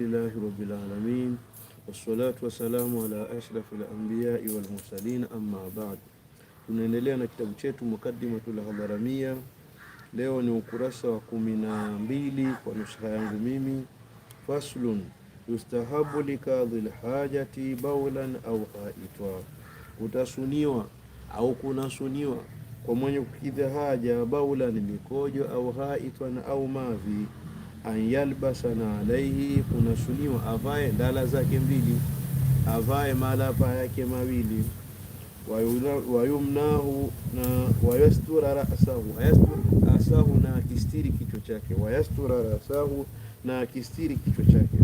Alhamdulillahi rabbil alamin wassalatu wassalamu ala ashrafil anbiyai wal mursalin amma baad. Tunaendelea na kitabu chetu Muqaddimatul Hadharamia. Leo ni ukurasa wa kumi na mbili kwa nusha yangu mimi. Faslun yustahabu likadhil hajati baulan au haitwa, kutasuniwa au kunasuniwa kwa mwenye kukidha haja baulan mikojo au haitwan au mavi an yalbasana alaihi, kunasuniwa avae ndala zake mbili, avae malapa yake mawili. Wayumnahu na wayastura rasahu, asahu na akistiri kichwa chake, wayastura rasahu na akistiri kichwa chake.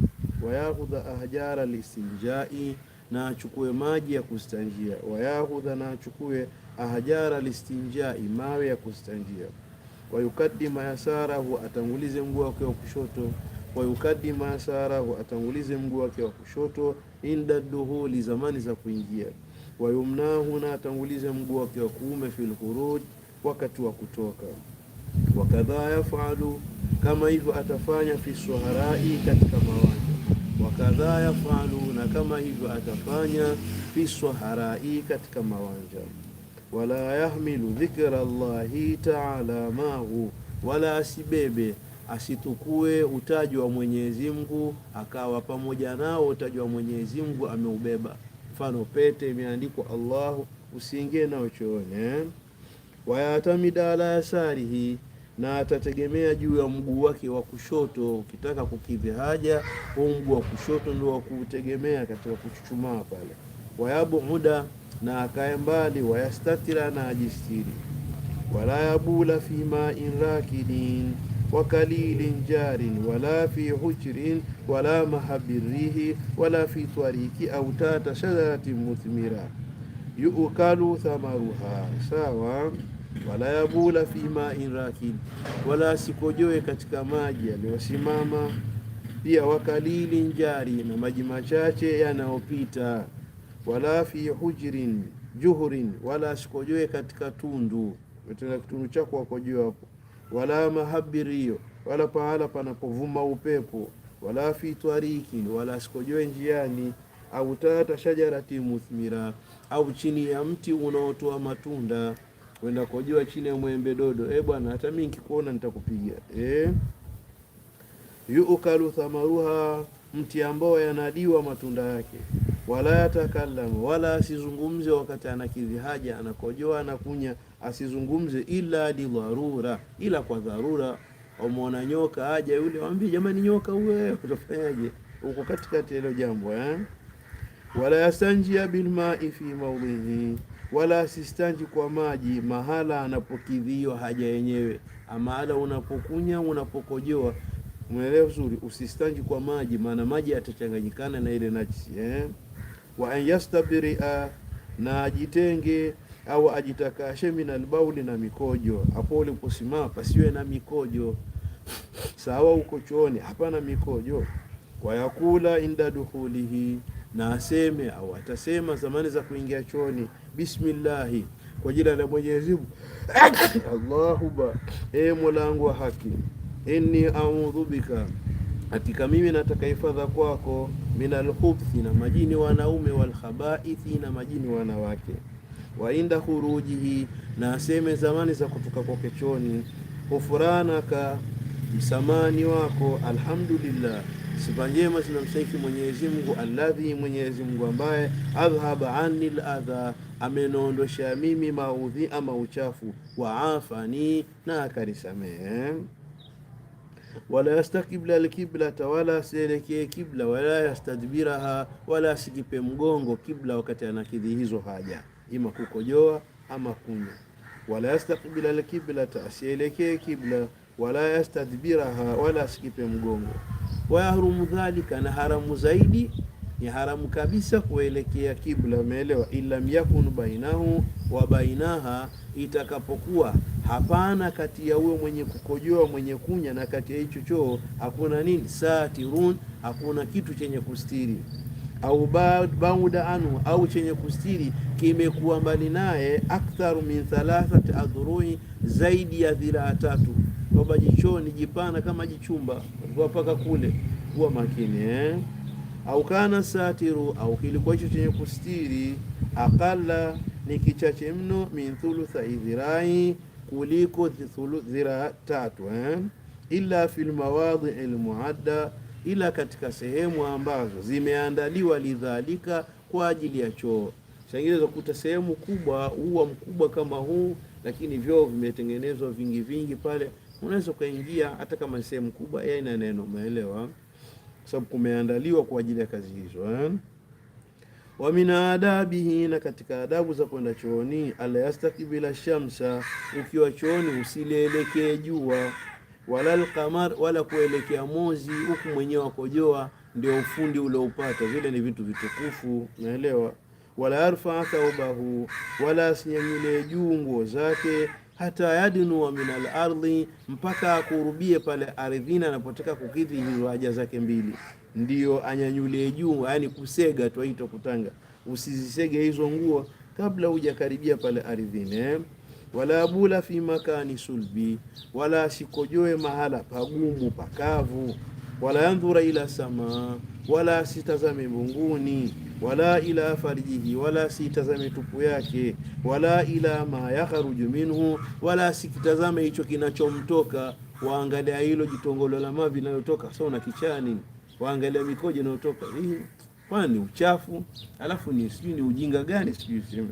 wayahudha ahjara listinjai, na achukue maji ya kustanjia. wayahudha na achukue ahjara listinjai, mawe ya kustanjia wayukadima yasarahu, atangulize mguu wake wa kushoto. Wayukadima yasarahu, atangulize mguu wake wa kushoto inda duhuli, zamani za kuingia. yumnahu na atangulize mguu wake wa kuume fil khuruj, wakati wa kutoka. Wakadha yafalu, kama hivyo atafanya fi suharai, katika mawanja. Wakadha yafalu, na kama hivyo atafanya fi suharai, katika mawanja wala yahmilu dhikra llahi taala mahu, wala asibebe asitukue utaji wa Mwenyezi Mungu akawa pamoja nao utaji wa Mwenyezi Mungu ameubeba. Mfano pete imeandikwa Allahu, usiingie nao choone. Eh? Wayatamida ala yasarihi, na atategemea juu ya mguu wake wa kushoto. Ukitaka kukidhi haja, huu mguu wa kushoto ndio wa kutegemea katika kuchuchumaa pale. Wayabuuda na akae mbali, wayastatira na ajistiri, wala yabula fi ma'in rakidin wa kalilin jarin wala fi hujrin wala mahabirihi wala fi twariki au tata shajaratin muthmira yukalu thamaruha sawa wala yabula fi ma'in rakid, wala sikojoe katika maji yaliyosimama. Pia wakalilin jari, na maji machache yanayopita wala fi hujrin juhurin, wala asikojoe katika tundu, tena kitundu chako wakojoe hapo, wala mahabirio, wala pahala panapovuma upepo, wala fi tarikin, wala asikojoe njiani, au tata shajarati muthmira, au chini ya mti unaotoa matunda. Kwenda kujua chini ya mwembe dodo, eh bwana, hata mimi nikikuona nitakupiga eh. yuukalu thamaruha, mti ambao yanadiwa matunda yake wala yatakallamu, wala asizungumze wakati anakidhi haja, anakojoa, anakunya, asizungumze ila lidharura, ila kwa dharura. Umeona nyoka aja yule, waambie jamani, nyoka uwe utafanyaje? Uko katikati ya hilo jambo eh? Wala yastanjia bilmai fi maudhihi, wala asistanji kwa maji mahala anapokidhiwa haja yenyewe, amaala unapokunya, unapokojoa Umeelewa vizuri, usistanji kwa maji, maana maji yatachanganyikana na ile najisi eh? wa an yastabiria, na ajitenge au ajitakashe min albauli, na mikojo. Hapo uliposimama pasiwe na mikojo, sawa. Uko chooni, hapana mikojo. Wayakula inda dukhulihi na aseme au atasema zamani za kuingia chooni, bismillahi, kwa jina la Mwenyezi Mungu Allahumma, e Mola wangu wa haki, inni a'udhu bika, hakika mimi nataka hifadha kwako minal khubthi, na majini wanaume, wal khabaithi, na majini wanawake. Wa inda khurujihi, na aseme zamani za kutoka kwake chooni. Ghufranaka, msamani wako. Alhamdulillah, sifa njema zinamsaiki Mwenyezi Mungu, alladhi, Mwenyezi Mungu ambaye adhhaba anni ladha, amenondosha mimi maudhi ama uchafu, wa afani, na akanisamehe wala yastakibla alqiblata, wala asielekee kibla, wala yastadbiraha, wala asikipe mgongo kibla wakati anakidhi hizo haja, ima kukojoa ama kunywa. Wala yastakbila alqiblata, asielekee kibla, wala yastadbiraha, wala asikipe mgongo. Wayahrumu dhalika, na haramu zaidi ni haramu kabisa kuelekea kibla, umeelewa? Ilam yakun bainahu wa bainaha, itakapokuwa Hapana, kati ya huyo mwenye kukojoa mwenye kunya na kati ya hicho choo hakuna nini, satirun, hakuna kitu chenye kustiri au bauda anhu, au chenye kustiri kimekuwa mbali naye, aktharu min thalathati adhurui, zaidi ya dhiraa tatu. Kwamba jichoo ni jipana kama jichumba, kwa paka kule, kuwa makini eh? au kana satiru, au kilikuwa hicho chenye kustiri, aqalla ni kichache mno, min thulutha idhirai kuliko dhiraa tatu eh? ila fi mawadhi almuadda, ila katika sehemu ambazo zimeandaliwa lidhalika, kwa ajili ya choo. Shangizo kuta sehemu kubwa huwa mkubwa kama huu, lakini vyoo vimetengenezwa vingi vingi pale, unaweza ukaingia hata kama sehemu kubwa, yaina neno, umeelewa? sababu kumeandaliwa kwa ajili ya kazi hizo eh? wa min adabihi, na katika adabu za kwenda chooni, alayastakbila shamsa, ukiwa chooni usilielekee jua, wala alqamar, wala kuelekea mozi, huku mwenyewe wakojoa. Ndio ufundi ulioupata, vile ni vitu vitukufu, naelewa. Wala arfaa thawbahu, wala asinyanyulie juu nguo zake hata wa min alardhi, mpaka akurubie pale ardhini, anapotaka kukidhi hizo haja zake mbili ndio anyanyulie juu, yani kusega twaita kutanga. Usizisege hizo nguo kabla hujakaribia pale ardhini eh? wala bula fi makani sulbi, wala sikojoe mahala pagumu pakavu. Wala yandhura ila samaa, wala sitazame mbunguni. Wala ila farjihi, wala sitazame tupu yake. Wala ila ma yakharuju minhu, wala sikitazame hicho kinachomtoka. Waangalia hilo jitongolo la mavi linalotoka, so na kichani waangalia mikoja inayotoka hii, kwani uchafu, alafu ni sijui ni ujinga gani, sijui sema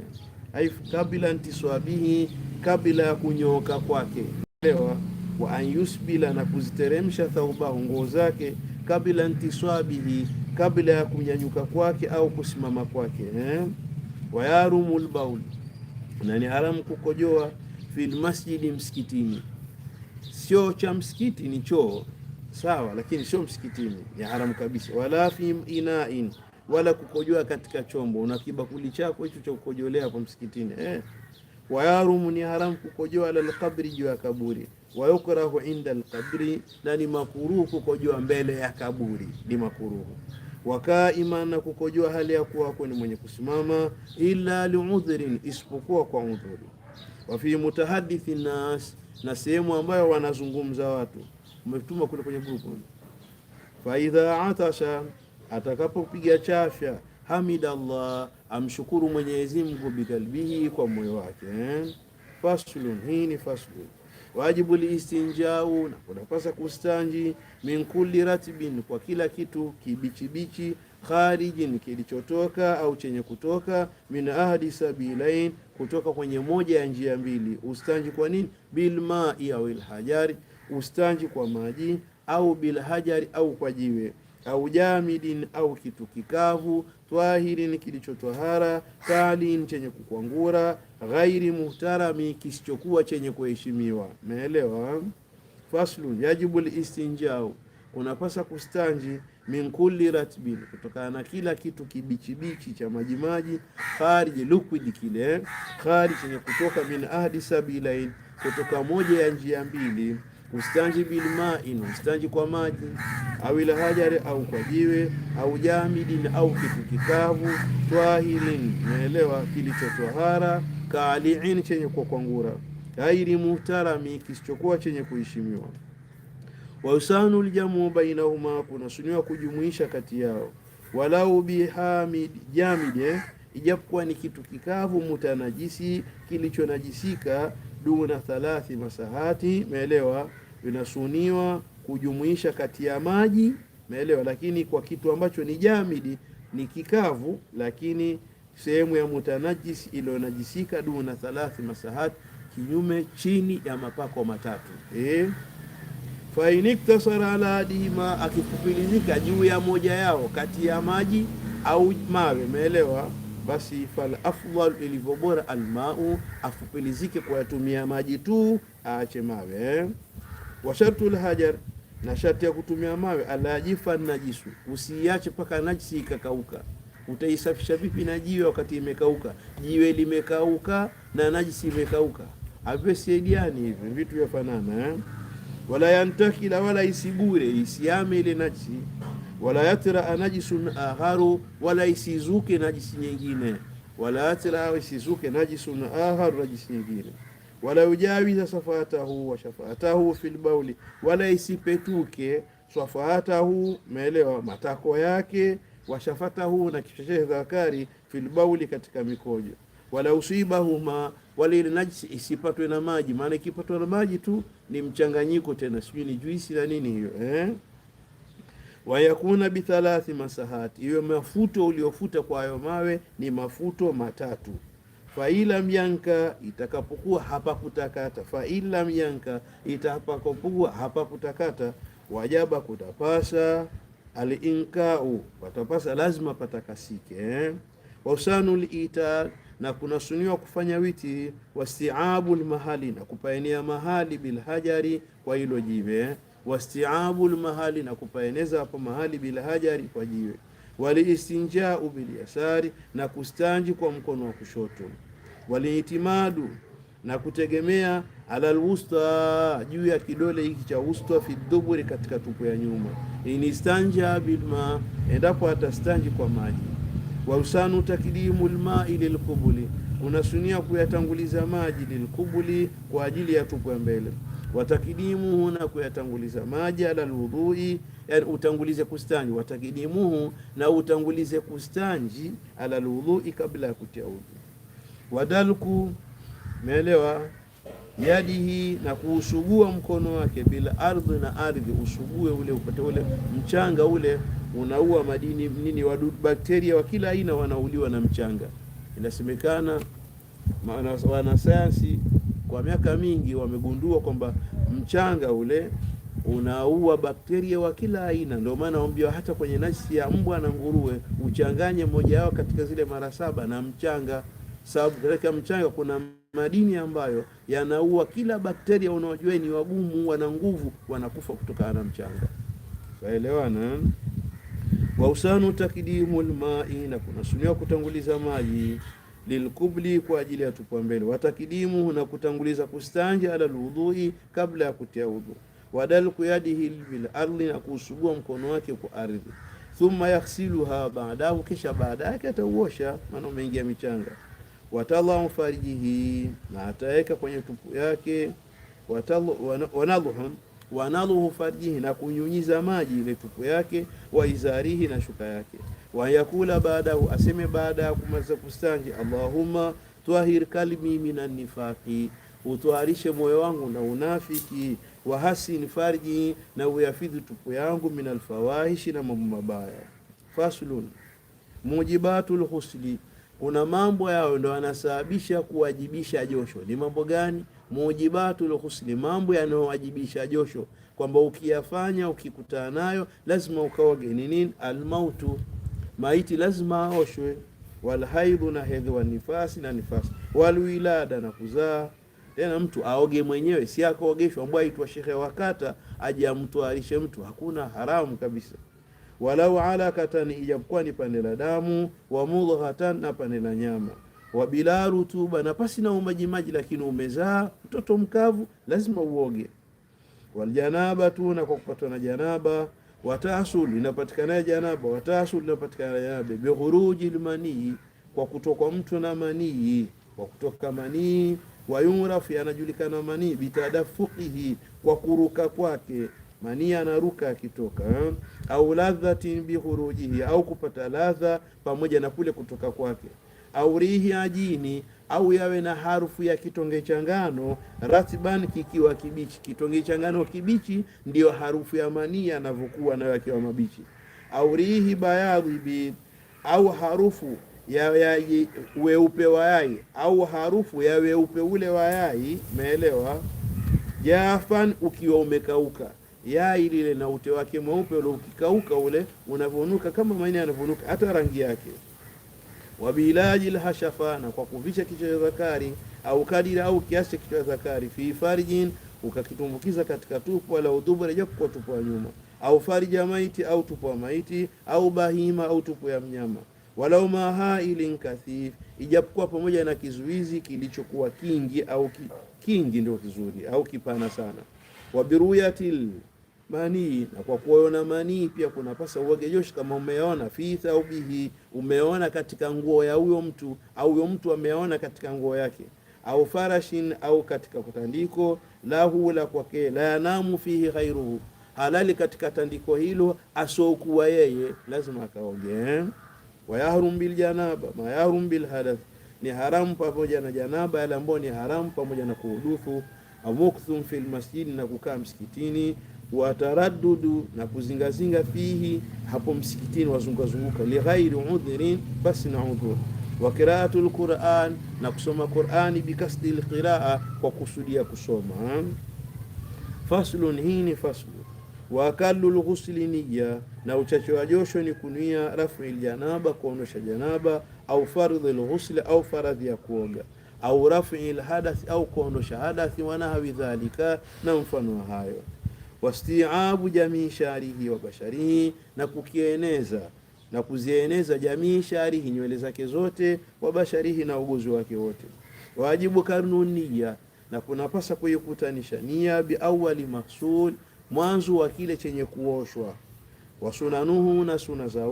aifu kabila ntiswabihi, kabila ya kunyooka kwake, lewa wa anyusbila, na kuziteremsha thaubahu, nguo zake, kabila ntiswabihi, kabla ya kunyanyuka kwake au kusimama kwake eh? wayarumul baul, na ni haramu kukojoa fil masjidi, msikitini, sio cha msikiti ni choo sawa, lakini sio msikitini, ni haramu kabisa. Wala fi inain, wala kukojoa katika chombo. Una kibakuli chako hicho cha kukojolea hapo msikitini eh. Wayarumu, ni haramu kukojoa. Ala alqabri, juu ya kaburi. Wayukrahu inda alqabri, na ni makuruhu kukojoa mbele ya kaburi, ni makuruhu wakaima na kukojoa hali ya kuwa ako ni mwenye kusimama, ila liudhrin, isipokuwa kwa udhuru. Wa fi mutahaddithi nas, na sehemu ambayo wanazungumza watu umetumwa kule kwenye grupu. Fa idha atasha, atakapopiga chafya, hamidallah, amshukuru Mwenyezi Mungu, bikalbihi, kwa moyo wake. Eh? Faslun, hii ni faslu wajibu liistinjau, na kunapasa kustanji min kulli ratibin, kwa kila kitu kibichibichi, kharijin, kilichotoka au chenye kutoka, min ahdi sabilain, kutoka kwenye moja ya njia mbili. Ustanji kwa nini? Bilmai au ilhajari ustanji kwa maji au bil hajari au kwa jiwe au jamidin au kitu kikavu, twahirin kilichotwahara, kalin chenye kukwangura, ghairi muhtarami kisichokuwa chenye kuheshimiwa. meelewa Faslu yajibu listinjau, unapasa kustanji min kulli ratbin, kutokana na kila kitu kibichibichi cha majimaji, khariji liquid kile, khariji chenye kutoka min ahdi sabilain, kutoka moja ya njia mbili ustanji bilmain, ustanji kwa maji, au ila hajari au kwa jiwe, au jamidin au kitu kikavu, twahirin, naelewa kilichotwahara, kaaliin, chenye kwa kwangura, ghairi muhtarami, kisichokuwa chenye kuheshimiwa. Wausanu ljamu bainahuma, kunasuniwa kujumuisha kati yao, walau bihamid jamid, ijapokuwa ni kitu kikavu, mutanajisi, kilichonajisika duna thalathi masahati, meelewa Inasuniwa kujumuisha kati ya maji, meelewa lakini kwa kitu ambacho ni jamidi, ni kikavu, lakini sehemu ya mutanajis iliyonajisika, duna thalathi masahati, kinyume chini ya mapako matatu eh? fainitasara ala dima, akifupilizika juu ya moja yao kati ya maji au mawe, meelewa basi fal afdal, ilivyo bora almau, afupilizike kwa maji tu, aache mawe. Eh. Wa shartu lhajar, na sharti ya kutumia mawe alajifa najisu, usiache mpaka najisi ikakauka. Utaisafisha vipi na jiwe wakati imekauka? Jiwe limekauka na najisi imekauka, avesediani hivyo vitu vyafanana eh? wala yantakila, wala isibure, isiame ile najisi wala yatra najisun akharu, wala isizuke najisi nyingine, wala yatra isizuke najisun akharu, najisi nyingine, wala yujawiza safatahu wa shafatahu fil bauli, wala isipetuke safatahu, umeelewa, matako yake wa shafatahu, na kicheche zakari fil bauli, katika mikojo, wala usibahuma wala ile najisi isipatwe na maji. Maana ikipatwa na maji tu ni mchanganyiko tena, sijui ni juisi na nini hiyo eh wayakuna bithalathi masahati, iwe mafuto uliofuta kwa hayo mawe ni mafuto matatu. Failam yanka, itakapokuwa kutakata. failam yanka, itakapokuwa kutakata. wajaba kutapasa, alinkau, patapasa lazima patakasike, eh? wasanu litar na kunasuniwa kufanya witi, wastiabu lmahali, na kupaenea mahali bilhajari, kwa hilo jiwe eh? wastiabu lmahali, na kupaeneza hapo mahali bila hajari kwa jiwe, waliistinjau bilyasari, na kustanji kwa mkono wa kushoto, waliitimadu na kutegemea lwusta juu ya kidole hiki cha wusta, fi dhuburi katika tupu ya nyuma. Inistanja bilma, endapo atastanji kwa maji. Wausanu takdimu lmai lilkubuli, unasunia kuyatanguliza maji, lilkubuli, kwa ajili ya tupu ya mbele watakidimuhu na kuyatanguliza maji ala alwudhui, yani utangulize kustanji. Watakidimuhu na utangulize kustanji ala alwudhui, kabla ya kutia udhu. Wadalku, umeelewa? Yadihi, na kuusugua mkono wake bila ardhi, na ardhi usugue ule, upate ule mchanga ule unaua madini nini, wadudu bakteria wa kila aina wanauliwa na mchanga. Inasemekana wanasayansi kwa miaka mingi wamegundua kwamba mchanga ule unaua bakteria wa kila aina. Ndio maana waambiwa hata kwenye najisi ya mbwa na nguruwe uchanganye mmoja wao katika zile mara saba na mchanga, sababu katika mchanga kuna madini ambayo yanaua kila bakteria unaojua ni wagumu, wana nguvu, wanakufa kutokana na mchanga. Waelewana? Wausanu takdimu lmai, na kunasuniwa kutanguliza maji lilkubli kwa ajili ya tupwa mbele, watakidimu na kutanguliza kustanja ala lwudhui kabla ya kutia udhu, wadalku yadihi bil ardi na kuusugua mkono wake kwa ardhi, thumma yaghsiluha baadahu, kisha baada yake atauosha, maana umeingia michanga, watadhau farijihi na ataweka kwenye tupu yake, wanadhuhu farjihi na kunyunyiza maji ile tupu yake, waizarihi na shuka yake wa yakula baadahu, aseme baada ya kumaliza kustanji, Allahumma twahir kalbi minan nifaqi, utwaharishe moyo wangu na unafiki, wa hasin farji, na uyafidhi tupu yangu, min alfawahishi na mambo mabaya. Faslun mujibatul husli kuna mambo yao ndo yanasababisha kuwajibisha josho. Ni mambo gani? Mujibatul husli mambo yanayowajibisha josho, kwamba ukiyafanya ukikutana nayo lazima ukaoge. Ni nini? Almautu maiti lazima aoshwe, walhaidhu na hedhi, wanifasi na nifasi, walwilada na kuzaa. Tena mtu aoge mwenyewe, si akaogeshwa, ambaye aitwa shekhe wakata aje amtwalishe mtu, hakuna haramu kabisa. Walau ala katani, ijapokuwa ni pande la damu, wa mudghatan, na pande la nyama wa bila rutuba na pasi na umajimaji, lakini umezaa mtoto mkavu, lazima uoge. Waljanaba tu na kwa kupatwa na janaba Watasul inapatikana janaba, watasul inapatikana janaba bi lmanii almani, kwa kutoka mtu na manii, kwa kutoka manii. Wayurafu, anajulikana manii bitadafukihi, kwa kuruka kwake manii anaruka akitoka. Eh, au ladhatin bi khurujihi, au kupata ladha pamoja na kule kutoka kwake au rihi ajini au yawe na harufu ya kitonge cha ngano ratiban kikiwa kibichi. Kitonge cha ngano kibichi ndiyo harufu ya manii yanavyokuwa nayo yakiwa mabichi. Au rihi bayadhi, au harufu ya, ya, weupe wa yai au harufu ya weupe ule wa yai. Umeelewa? Jafan, ukiwa umekauka yai lile na ute wake mweupe ule ukikauka, ule unavunuka kama manii yanavonuka, hata rangi yake wabilaji lhashafa, na kwa kuvisha kichwa cha zakari au kadira au kiasi cha kichwa cha zakari fi farjin, ukakitumbukiza katika tupu la udhubu reja kwa tupu ya nyuma au farija maiti au tupu ya maiti au bahima au tupu ya mnyama walau mahailin kathif, ijapokuwa pamoja na kizuizi kilichokuwa kingi au ki, kingi ndio kizuri au kipana sana wabiruyatil manii, na kwa kuona manii pia kunapasa uwage josho. Kama umeona fi thaubihi, umeona katika nguo ya huyo mtu, au huyo mtu ameona katika nguo yake, au farashin, au katika kutandiko lahu la kwake, la yanamu fihi ghairuhu, halali katika tandiko hilo asokuwa yeye, lazima akaoge. Eh? Wayahrum biljanaba mayahrum bilhadath ni haramu pamoja na janaba, yale ambayo ni haramu pamoja na kuhuduthu. Amukthu fil masjidi, na kukaa msikitini wataradudu na kuzingazinga fihi hapo msikitini wazungukazunguka, lighairi udhrin, basi na udhur. Wa qiraatu lquran, na kusoma Qurani bikasdi lqiraa, kwa kusudia kusoma. Faslun, hii ni faslu. Wa lghusli niya, na uchache wa josho ni kunuia rafi ljanaba, kuonosha janaba, au fardhi lghusli, au faradhi ya kuoga au rafi lhadathi, au kuonosha hadathi, wanahawi dhalika, na mfano wa hayo wastiabu jamii sharihi wa basharihi, na kukieneza na kuzieneza jamii sharihi, nywele zake zote, wa basharihi, na ugozi wake wote. Wajibu karnunia, na kunapasa kuikutanisha nia biawali mahsul, mwanzo wa kile chenye kuoshwa, wasunanuhu, na suna za,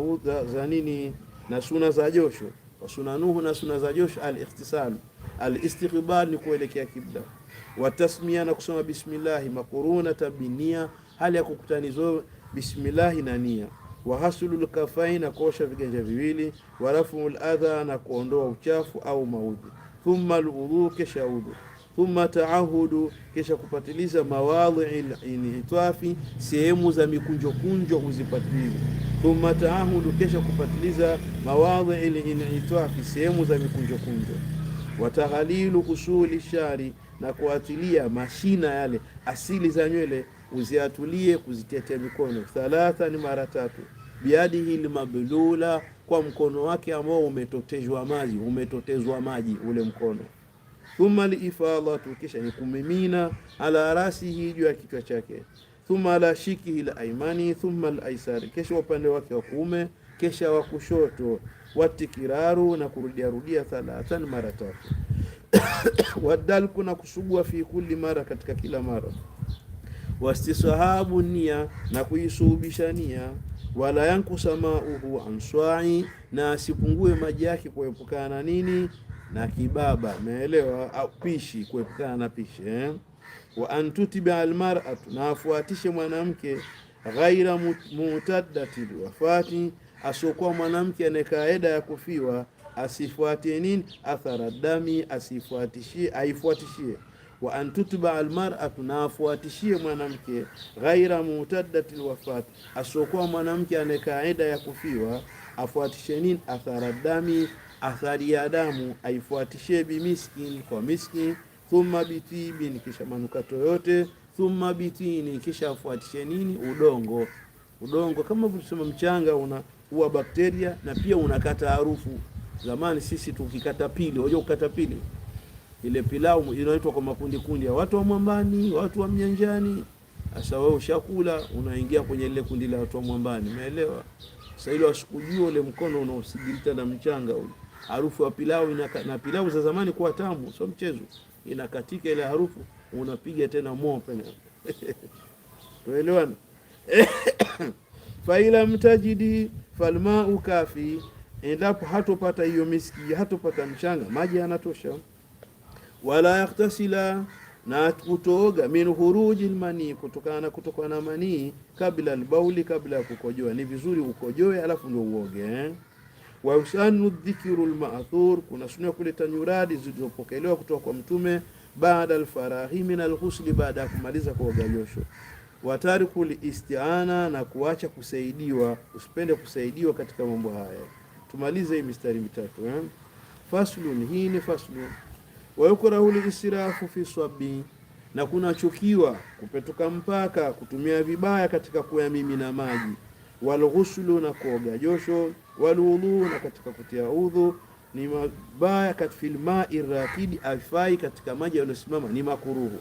za nini, na suna za josho, wasunanuhu, na suna za josho, al-ikhtisal al-istiqbal, ni kuelekea kibla watasmia na kusoma bismillahi makuruna tabinia hali ya kukutanizo bismillahi na nia wahasulu lkafai na kuosha viganja viwili, warafu ladha na kuondoa uchafu au maudhi, thumma lwudhu, kisha udhu, thumma taahudu, kisha kupatiliza mawadhii litafi, sehemu za mikunjokunjo uzipatilize, thumma taahudu, kisha kupatiliza mawadhii litafi, sehemu za mikunjokunjo, watahalilu usuli shari na kuachilia mashina yale asili za nywele uziatulie kuzitetea mikono thalatha, ni mara tatu, biadihi lmablula, kwa mkono wake ambao umetotezwa maji, umetotezwa maji ule mkono. Thumma liifadhatu, kisha ni kumimina, ala rasihi, juu ya kichwa chake, thumma ala shikihi laimani, thumma alaisari, kesha upande wake wa kuume, kesha wa kushoto, watikiraru, na kurudiarudia thalathan, mara tatu. wadalku na kusugua, fi kulli mara, katika kila mara, wastisahabu nia, na kuisuhubisha nia, wala yankusa mauhu answai, na asipungue maji yake kuepukana na nini? Na kibaba. Naelewa pishi, kuepukana na pishi eh? wa antutiba almar'atu, na afuatishe mwanamke ghaira mutaddati wafati, asiokuwa mwanamke anayekaeda ya kufiwa asifuatie nini? Athara dami, asifuatishie, aifuatishie wa an tutba almar'atu, na afuatishie mwanamke ghaira mutaddatil lwafat, asiokuwa mwanamke ane kaida ya kufiwa, afuatishe nini? Athara dami, athari ya damu, aifuatishie bimiskin, kwa miskin, thumma bitibin, kisha manukato yote, thumma bitini, kisha afuatishe nini? Udongo. Udongo kama vilisema mchanga una huwa bakteria na pia unakata harufu Zamani sisi tukikata pili, unajua kukata pili ile pilau inaitwa kwa makundi kundi ya watu wa mwambani, watu wa mnyanjani. Sasa wewe ushakula unaingia kwenye ile kundi la watu wa mwambani, umeelewa? Sasa ile wasikujua ule mkono unaosigilita na mchanga ule, harufu ya pilau inaka, na pilau za zamani kuwa tamu, sio mchezo, inakatika ile harufu, unapiga tena mope na tuelewana. faila mtajidi falmau kafi endapo hatopata hiyo miski, hatopata mchanga, maji yanatosha. Wala yaktasila, na kutooga, min huruji lmanii, kutokana na kutokana na manii, kabla albauli, kabla ya kukojoa. Ni vizuri ukojoe, alafu ndio uoge. Eh? Wa yusanu dhikiru lmaathur, kuna sunna kuleta nyuradi zilizopokelewa kutoka kwa Mtume baada alfarahi min alghusli, baada ya kumaliza kuoga josho watariku listiana, na kuacha kusaidiwa. Usipende kusaidiwa katika mambo haya tumalize hii mistari mitatu eh? Faslun, hii ni faslun. Wayukrahu lisirafu fi swabi, na kunachukiwa kupetuka mpaka kutumia vibaya katika kuyamimina maji. Walghuslu, na kuoga josho. Walwudhu, na katika kutia udhu ni mabaya ma'i rakidi afai katika maji yaliyosimama ni makuruhu.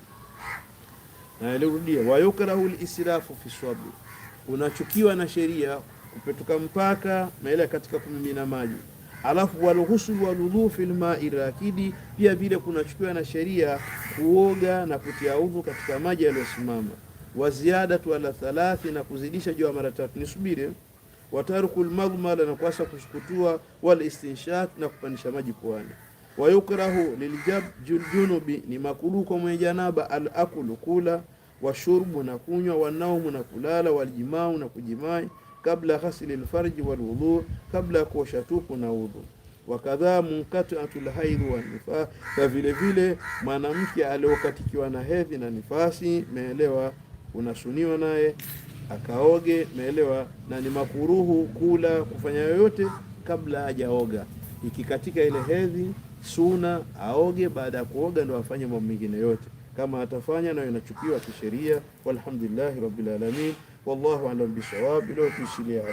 Naalirudia, wayukrahu lisirafu fi swabi, unachukiwa na sheria kupetuka mpaka maele katika kumimina maji. Alafu walghuslu waludhu fil ma'i rakidi, pia vile kunachukiwa na sheria kuoga na kutia udhu katika maji yaliyosimama. Wa ala thalathi, na kuzidisha juu ya mara tatu. Nisubiri watarku lmadmala na kuasa kusukutua, walistinshak na kupandisha maji puani. Wayukrahu liljunubi, ni makruh kwa mwenye janaba, al akulu kula, washurbu na kunywa, wanaumu na kulala, waljimau na kujimai kabla ghasli lfarji walwudhu, kabla ya kuosha tupu na udhu. Wakadhaa munkatiatul haidhi wa nifas, na vile vile mwanamke aliokatikiwa na hedhi na nifasi, meelewa unasuniwa naye akaoge, meelewa na ni makuruhu kula kufanya yoyote kabla hajaoga. Ikikatika ile hedhi, suna aoge, baada ya kuoga ndo afanye mambo mengine yote. Kama atafanya nayo inachukiwa kisheria. Walhamdulillahi rabbil alamin. Vallahu alem bisavab. İlahi siliye